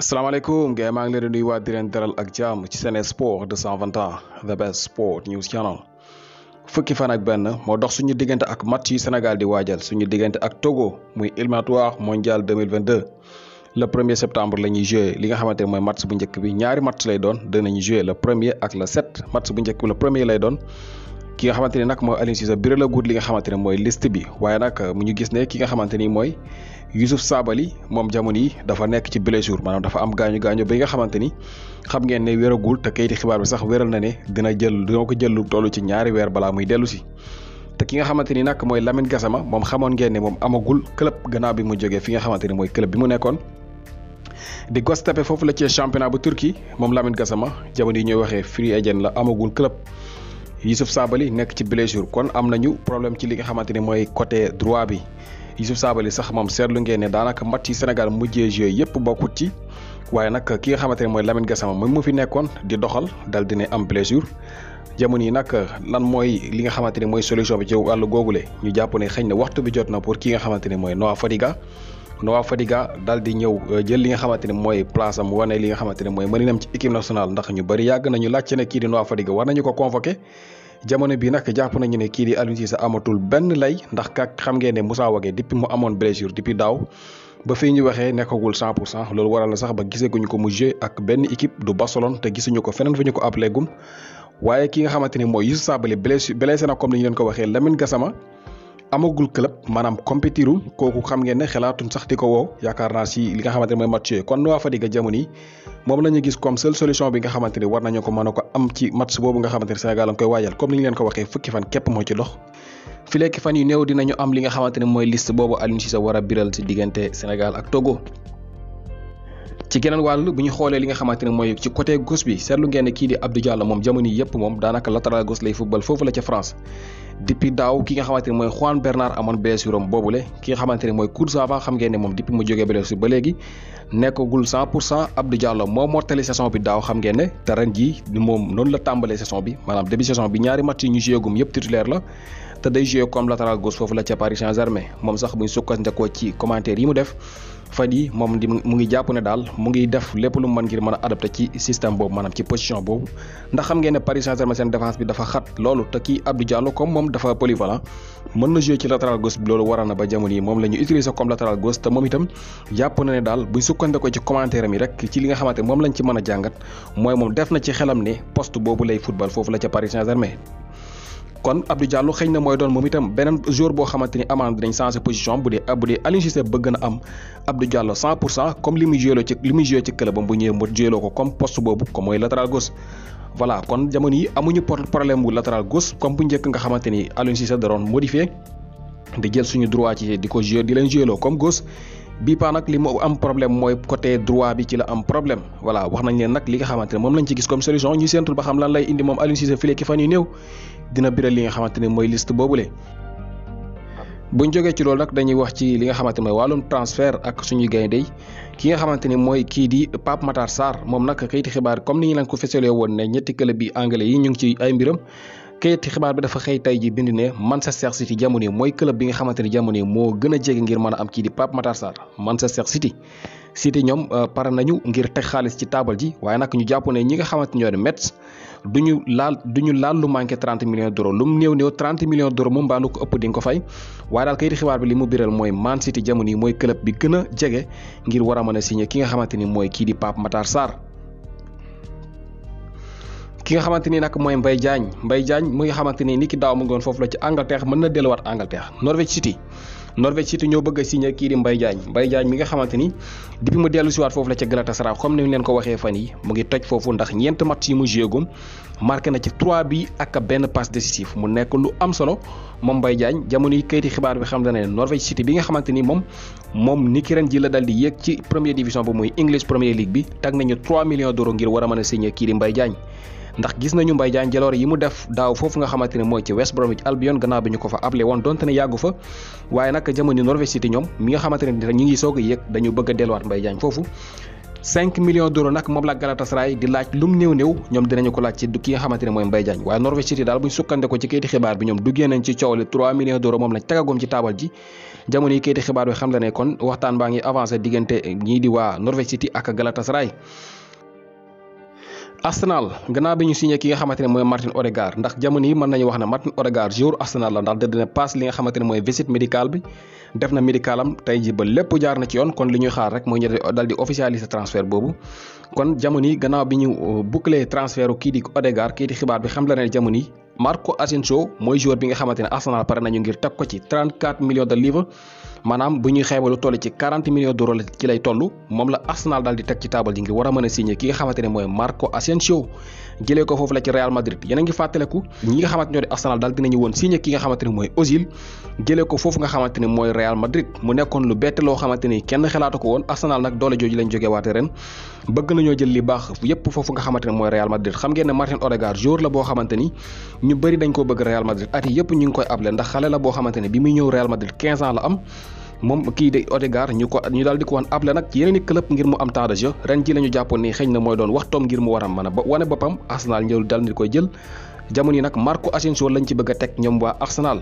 asalaamaaleykum gars maa ngi leen di nuyu waat di leen dalal ak jàmm ci Sen Sport 221 the best sport news channel fukki fan ak benn moo dox suñu diggante ak matt yu senegal di waajal suñu diggante ak Togo muy éliminatoire mondial 2022 le premier septembre la ñuy joué li nga xamante ne mooy match bu njëkk bi ñaari matt lay doon nañu joué le premier ak le sept match bu njëkk la le premier lay doon ki nga xamante ni nag mooy Aliou Cissé biral a guut li nga xamante ne mooy liste bi waaye nag mu ñu gis ne ki nga xamante ni mooy Youssouf Sabaly moom jamono yi dafa nekk ci blessure maanaam dafa am gaañu gaañu bi nga xamante ni xam ngeen ne wéragul te kayiti xibaar bi sax wéral na ne dina jël ko jël toll ci ñaari weer balaa muy dellu si. te ki nga xamante ni nag mooy Lamine Gassama moom xamoon ngeen ne moom amagul club gannaaw bi mu jógee fi nga xamante ni mooy club bi mu nekkoon. di Göztepe foofu la ci championnat bu Turquie moom Lamine Gassama jamono yi ñooy waxee free agent la amagul club. Youssouf Sabaly nekk ci blessure kon am nañu problème ci li nga xamante ni mooy côté droit bi Youssouf Sabaly sax moom seetlu ngeen ne daanaka mat yi Sénégal mujjee jeu yëpp bokkut ci waaye nag ki nga xamante ne mooy Lamine Gassama moom mu fi nekkoon di doxal dal dina am blessure jamono yi nag lan mooy li nga xamante ne mooy solution bi ci wàllu googule ñu jàpp ne xëy na waxtu bi jot na pour ki nga xamante ne mooy Noah Fadiga Noah Fadiga daal di ñëw euh, jël li nga xamante ne mooy place am wane li nga xamante ne mooy mëninam ci équipe nationale ndax ñu bëri yàgg nañu laajte ne kii di Noah Fadiga war nañu ko convoqué jamono bi nag jàpp nañu ne kii di Aliou Cissé amatul benn lay ndax kak xam ngeen ne Moussa Wagué depuis mu amoon blessure depuis daaw ba fii ñu waxee nekkagul 100 pour cent loolu waral sax ba giseguñu ko mu joué ak benn équipe du Barcelone te gisuñu ko feneen fu ñu ko appelé gum waaye ki nga xamante ne mooy Youssouf Sabaly blessé blessé na comme ni ñu leen ko waxee Lamine amagul club maanaam compétiru kooku xam ngeen ne xalaatuñ sax di ko woo yaakaar naa si li nga xamante mooy match yooyu kon waa Fadiga jamono yi moom na ñu gis comme seule solution bi nga xamante ne war nañu ko mën a ko am ci match boobu nga xamante ne Sénégal lañ koy waajal comme ni ñu leen ko waxee fukki fan képp moo ci dox. fi lekk fan yu néew dinañu am li nga xamante ne mooy liste boobu Aliou Cissé war a biral si diggante Sénégal ak Togo. ci geneen wàll bu ñu xoolee li nga xamante ne mooy ci côté gauche bi seetlu ngeen ne kii di Abdou Diallo moom jamono yëpp moom daanaka latéral gauche lay football foofu la ca France depuis daaw ki nga xamante ne mooy Juan Bernat amoon blessure am boobule ki nga xamante ne mooy Kurzawa xam ngeen ne moom depuis mu jógee blessure ba léegi nekkagul 100 pour cent Abdou Diallo moo mortali saison bi daaw xam ngeen ne te ren jii moom noonu la tàmbalee saison bi maanaam début saison bi ñaari match yi ñu jéegum la te day joué comme latéral gauche foofu la ca Paris Saint-Germain moom sax bu ñu sukkandikoo ci commentaire yi mu def fan yi moom mu ngi jàpp ne daal mu ngi def lépp lu mu mën ngir mën a adapté ci système boobu maanaam ci position boobu ndax xam ngeen ne Paris Saint-Germain seen défense bi dafa xat loolu te kii Abdou Diallo comme moom dafa polyvalent mën na joué ci latéral gauche bi loolu waral na ba jamono yi moom la ñu utilisé comme latéral gauche te moom itam jàpp na n daal bu ñu ci commentaire mi rek ci li nga xamante moom lañ ci mën a jàngat mooy moom def na ci xelam ne poste boobu lay football foofu la ca Paris saint kon Abdou Diallo xëy na mooy doon moom itam beneen joueur boo xamante ni amaana dinañ changé position bu dee bu dee Aliou bëgg na am Abdou Diallo 100 pour cent comme li muy joué ci li muy joué ci clubam bu ñëwee mu joué ko comme poste boobu comme mooy latéral gauche. voilà kon jamono yi amuñu problème bu latéral gauche comme bu njëkk nga xamante ni Aliou Cissé da di jël suñu droit ci di ko joué di leen joué comme gauche. bii nag li mu am problème mooy côté droit bi ci la am problème voilà wax nañ leen nag li nga xamante moom lañ ci gis comme solution ñu séentul ba xam lan lay indi moom Aliou Cissé file ki fan yu néew dina biral li nga xamante ne mooy liste boobule. bu buñ jógee ci loolu nag dañuy wax ci li nga xamante mooy wàllum transfert ak suñuy gayndey ki nga xamante ni mooy kii di Pape Matar Sarr moom nag kayiti xibaar comme ni ñu leen ko fësalee woon ne ñetti club bi anglais yi ñu ngi ci ay mbiram kayiti xibaar bi dafa xëy tey ji bind ne man sa Manchester City jamono yi mooy club bi nga xamante ni jamono yi moo gën a jege ngir mën a am kii di Pape Matar Sarr Manchester City cité ñom euh, pare nañu ngir teg xaalis ci table ji waye nak ñu jàpp ne ñi nga xamanteni ñoo di metz duñu laal duñu laal lu manké 30 millions d'euros lumneu neew neew 30 millions d'euros mo mbaa ko ëpp di nga ko fay waye dal kayit xibaar bi limu biral moy Man City jamono moy club bi gëna jégé ngir wara mëna signé ki nga xamanteni ni ki di pap Matar sar ki nga xamanteni ni moy mbay Mbaye mbay Mbaye mu nga ni daaw mu ngi woon la ci Angleterre mëna déllu wat Angleterre Norwich City Norvège surtout ñoo bëgg a signé kii di mbay Diagne Mbaye Diagne mi nga xamante ni depuis mu dellu siwaat foofu la ca Galatasaray comme ni ñu leen ko waxee fan yi mu ngi toj foofu ndax ñeent match yi mu jéegoom marqué na ci 3 bi ak benn passe décisif mu nekk lu am solo moom mbay Diagne jamono yi kayiti xibaar bi xam na ne Norvège City bi nga xamante ni moom moom ni ki ren ji la dal di yéeg ci première division bu muy English Premier League bi tag nañu 3 millions d'euros ngir war a a signé kii di Mbaye ndax gis nañu Mbaye Diagne jaloore yi mu def daaw foofu nga xamante ne mooy ci West Bromwich Albion gannaaw bi ñu ko fa ablé woon donte ne yàggu fa waaye nag jamono Norwich City ñoom mi nga xamante ne ñu ngi soog a yëg dañu bëgg a delluwaat Mbaye Diagne foofu 5 millions d'euros nag moom la Galatasaray di laaj lum néew néew ñoom dinañu ko laaj ci ki nga xamante ne mooy Mbaye Diagne waaye Norwich City daal buñ sukkandeko ci kayiti xibaar bi ñoom duggee nañ ci coow li 3 millions d'euros moom lañ tagagoom ci taabal ji jamono yi xibaar xam la ne kon waxtaan baa ngi avancé diggante ñii di waa Norwich City ak Galatasaray Arsenal gannaaw bi ñu signé ki nga xamante ne mooy Martin Odegaard ndax jamono yi mën nañu wax ne Martin Odegaard joueur Arsenal la ndax dëdd na passe li nga xamante ne mooy visite médicale bi def na médicalam tey ji lépp jaar na ci yoon kon li ñuy xaar rek mooy ñu dal di officialiser transfert boobu kon jamono yi gannaaw bi ñu boucler transfert kii di Odegaard kii xibaar bi xam la ne jamono yi Marco Asensio mooy joueur bi nga xamante ne Arsenal pare nañu ngir teg ko ci 34 millions de livres maanaam bu ñuy xeebalu toll ci 40 millions d'euros ci lay toll moom la Arsenal daal di teg ci taabal ji ngir war a mën a signé ki nga xamante ne mooy Marco Asensio jëlee ko foofu la ci Real Madrid yéen a ngi fàttaleku ñi nga xamante ñoo di Arsenal daal dinañu woon signé ki nga xamante ni mooy Ozil jëlee ko foofu nga xamante ni mooy Real Madrid mu nekkoon lu bett loo xamante ni kenn xalaatu ko woon Arsenal nag doole jooju lañ jógee waate ren bëgg nañoo jël li baax yépp foofu nga xamante ne mooy Real Madrid xam ngeen ne Martin Odegaard joueur la boo xamante ni ñu bëri dañ koo bëgg Real Madrid at yi yépp ñu ngi koy able ndax xale la boo xamante ni bi muy ñëw Real Madrid 15 ans la am moom kii di Odegaard ñu ko ñu daal di ko wan able nag ci yeneen i ngir mu am temps de ren ji la ñu jàppoon ni xëy na mooy doon waxtoom ngir mu war a mën a wane boppam Arsenal ñëw dal ni koy jël jamono yi nag Marco Asensio lañ ci bëgg a teg ñoom waa Arsenal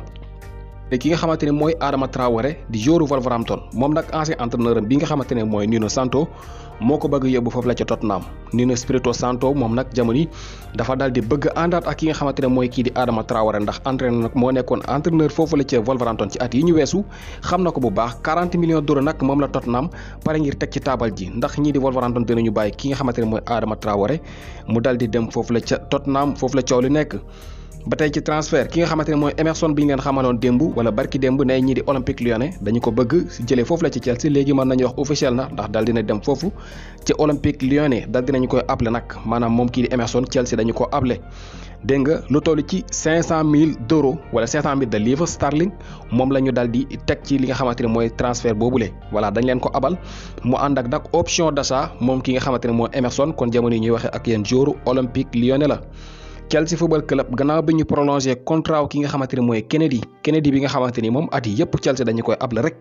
te ki nga xamante ne mooy Adama Traoré di joueur Wolverhampton moom nag ancien entraîneur bi nga xamante ne mooy Nuno Santo moo ko bëgg yóbbu foofu la ca Tottenham Nuno Espirito Santo moom nag jamono dafa dal di bëgg àndaat ak ki nga xamante ne mooy kii di Adama Traoré ndax entraîneur nag moo nekkoon entraîneur foofu la ca Wolverhampton ci at yi ñu weesu xam na ko bu baax 40 millions d'euros nag moom la Tottenham pare ngir teg ci taabal ji ndax ñii di Wolverhampton dinañu bàyyi ki nga xamante ne mooy Adama Traoré mu di dem foofu la ca Tottenham foofu la coow li nekk ba tey ci transfert ki nga xamante ne mooy Emerson bi ñu leen xamaloon démb wala barki démb nay ñii di Olympique Lyonnais dañu ko bëgg jëlee foofu la ci Chelsea léegi mën nañu wax officiel na ndax dal dina dem foofu ci Olympique Lyonnais dal dinañu koy appelé nag maanaam moom kii di Emerson Chelsea dañu ko appelé dégg nga lu toll ci mille d'euros wala 500000 de livres sterling moom la ñu dal di teg ci li nga xamante ne mooy transfert boobule voilà dañ leen ko abal mu ànd ak nag option d'achat moom ki nga xamante ne mooy Emerson kon jamono yi ñuy waxee ak yéen joueur Olympique Lyonnais la Chelsea Football Club gannaaw bi ñu prolongé contrat ki nga xamante ne mooy Kennedy Kennedy bi nga xamante ni moom at yi yëpp Chelsea dañu koy able rek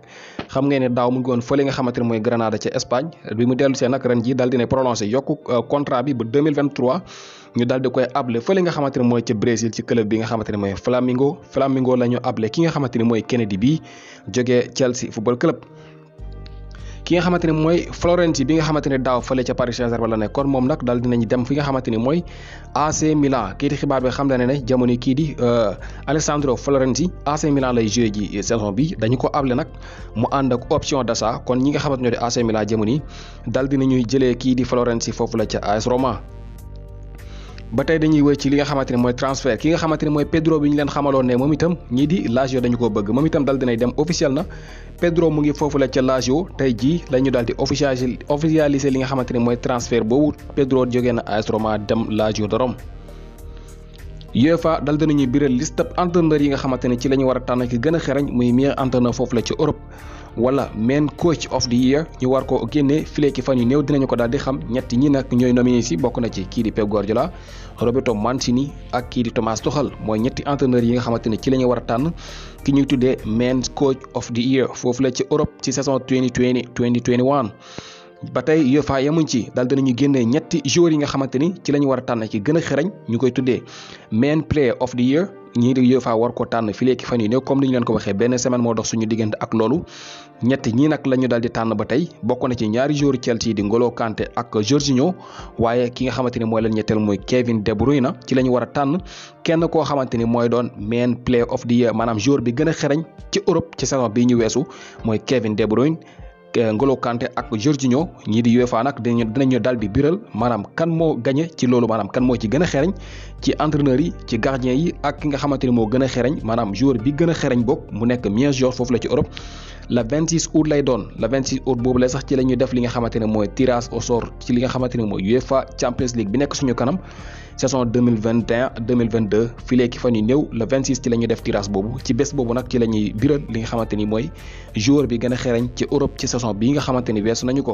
xam ngeen ne daaw mu ngi woon fële nga xamante mooy Granada ca Espagne bi mu dellu see nag ren ji daal di ne prolongé yokk euh, contrat bi ba ñu daal koy able fële nga xamante ne mooy ca Brésil ci club bi nga xamante ne mooy Flamengo Flamengo la ñu able ki nga xamante ni mooy Kennedy bi jógee Chelsea Football ki nga xamante ne mooy Florenzi bi nga xamante ne daaw fële ca Paris Saint-Germain la nekkoon moom nag daal dinañu dem fi nga xamante ni mooy AC Milan kii di xibaar bi xam na ne jamono kii di euh, Alessandro Florenzi AC Milan lay joué ji saison bi dañu ko able nag mu ànd ak option d'achat kon ñi nga xamante ñoo di AC Milan jamono yi daal dinañuy jëlee kii di Florenzi foofu la ca AS Roma ba tey dañuy wëy ci li nga xamante ne mooy transfert ki nga xamante ne mooy Pedro bi ñu leen xamaloon ne moom itam ñii di Lazio dañu ko bëgg moom itam dal dinay dem officiel na Pedro mu ngi foofu la ca Lazio tey jii la ñu daal di officialisé officialisé li nga xamante ne mooy transfert boobu Pedro jógee na AS Roma dem Lazio de Rome UEFA dal dinañuy biral liste ab entraîneur yi nga xamante ne ci la ñu war a tànn ki gën a xereñ muy meilleur entraîneur foofu la ci Europe wala men coach of the year ñu war ko génne filé ci fan yu néew dinañu ko dal di xam ñet ñi nak ñoy nominé ci bokku na ci ki di Pep Guardiola Roberto Mancini ak ki di Thomas Tuchel moy ñetti entraîneur yi nga xamanteni ci lañu wara tan ki ñu tuddé men coach of the year fofu la ci Europe ci saison 2020 2021 batay yofa yamuñ ci dal dinañu génne ñetti joueur yi nga xamanteni ni ci lañu wara tan ci gëna a ñukoy tuddé men player of the year ñii di UEFA war ko tànn fileeki fan yu néew comme ni ñu leen ko waxee benn semaine moo dox suñu diggante ak loolu ñett ñii nag la ñu daal di tànn ba tey bokk na ci ñaari joueur Chelsea di Ngolo Kanté ak Jorginho waaye ki nga xamante ni mooy leen ñetteel mooy Kevin De Bruyne ci la ñu war a tànn kenn koo xamante ni mooy doon main player of the year maanaam joueur bi gën a xereñ ci Europe ci saison bii ñu weesu mooy Kevin De Bruyne Eh, Ngolo Kanté ak Jorginho ñii di UEFA nag dinañu dinañu daal di biral maanaam kan moo gañe ci loolu maanaam kan moo ci gën a xereñ ci entraîneur yi ci gardien yi ak ki nga xamante ni moo gën a xereñ maanaam joueur bi gën a xereñ bokk mu nekk meilleur foofu la ci Europe la 26 lay doon la 26 boobu lay sax ci la ñuy def li nga xamante ne mooy tirage au sort ci li nga xamante ne mooy UEFA Champions League bi nekk suñu kanam saison 2021 2022 filee ki fan yu néew le 26 ci la ñuy def tirage boobu ci bés boobu nag ci la ñuy biral li nga xamante mooy joueur bi gën a xereñ ci Europe ci saison bii nga xamante ni weesu nañu ko